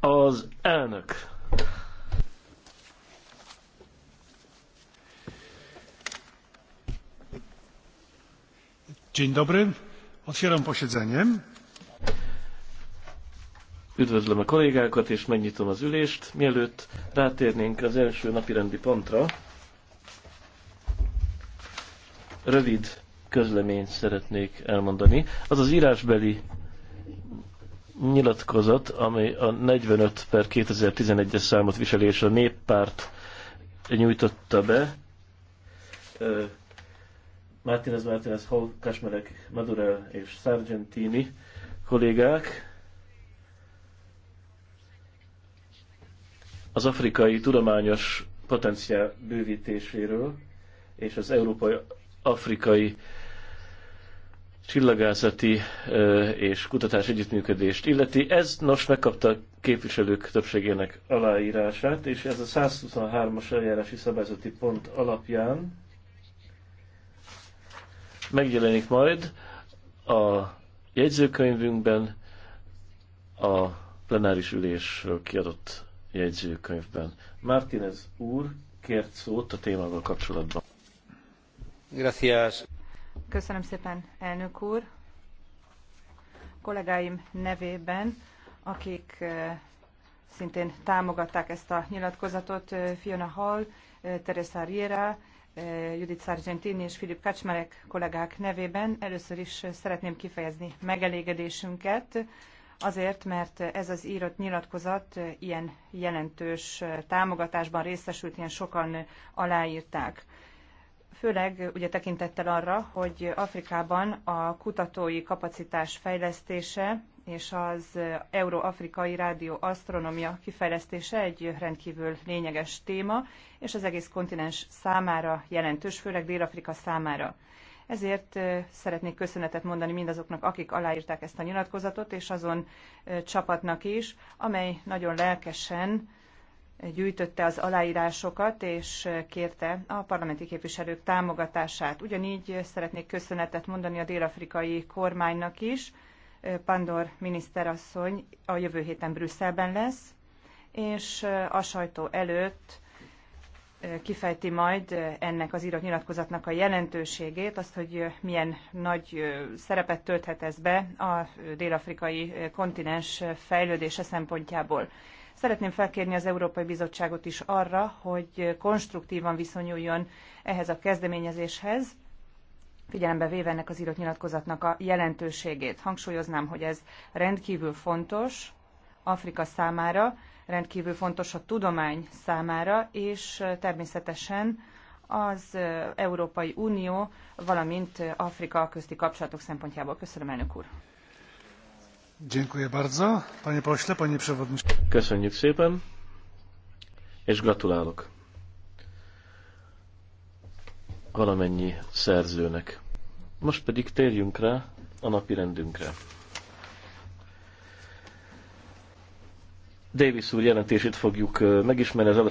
Az elnök. Dzień dobry. Otwieram posiedzenie. Üdvözlöm a kollégákat, és megnyitom az ülést. Mielőtt rátérnénk az első napirendi pontra, rövid közleményt szeretnék elmondani. Az az írásbeli nyilatkozat, amely a 45 per 2011-es számot viselés a néppárt nyújtotta be. Mártinez, Mártinez, Hall, Kasmerek, Madurel és Sargentini kollégák az afrikai tudományos potenciál bővítéséről és az európai afrikai csillagászati és kutatás együttműködést illeti. Ez nos megkapta a képviselők többségének aláírását, és ez a 123-as eljárási szabályzati pont alapján megjelenik majd a jegyzőkönyvünkben, a plenáris ülésről kiadott jegyzőkönyvben. Martínez úr kért szót a témával kapcsolatban. Gracias. Köszönöm szépen, elnök úr. Kollégáim nevében, akik szintén támogatták ezt a nyilatkozatot, Fiona Hall, Teresa Riera, Judith Sargentini és Filip Kacsmerek kollégák nevében először is szeretném kifejezni megelégedésünket, azért, mert ez az írott nyilatkozat ilyen jelentős támogatásban részesült, ilyen sokan aláírták főleg ugye tekintettel arra, hogy Afrikában a kutatói kapacitás fejlesztése és az Euróafrikai Rádió Asztronomia kifejlesztése egy rendkívül lényeges téma, és az egész kontinens számára jelentős, főleg Dél-Afrika számára. Ezért szeretnék köszönetet mondani mindazoknak, akik aláírták ezt a nyilatkozatot, és azon csapatnak is, amely nagyon lelkesen gyűjtötte az aláírásokat, és kérte a parlamenti képviselők támogatását. Ugyanígy szeretnék köszönetet mondani a dél-afrikai kormánynak is. Pandor miniszterasszony a jövő héten Brüsszelben lesz, és a sajtó előtt kifejti majd ennek az írott nyilatkozatnak a jelentőségét, azt, hogy milyen nagy szerepet tölthet ez be a dél-afrikai kontinens fejlődése szempontjából. Szeretném felkérni az Európai Bizottságot is arra, hogy konstruktívan viszonyuljon ehhez a kezdeményezéshez, figyelembe véve ennek az írott nyilatkozatnak a jelentőségét. Hangsúlyoznám, hogy ez rendkívül fontos, Afrika számára, rendkívül fontos a tudomány számára, és természetesen az Európai Unió, valamint Afrika közti kapcsolatok szempontjából. Köszönöm, elnök úr! Köszönjük szépen, és gratulálok valamennyi szerzőnek. Most pedig térjünk rá a napi rendünkre. Davis úr jelentését fogjuk megismerni az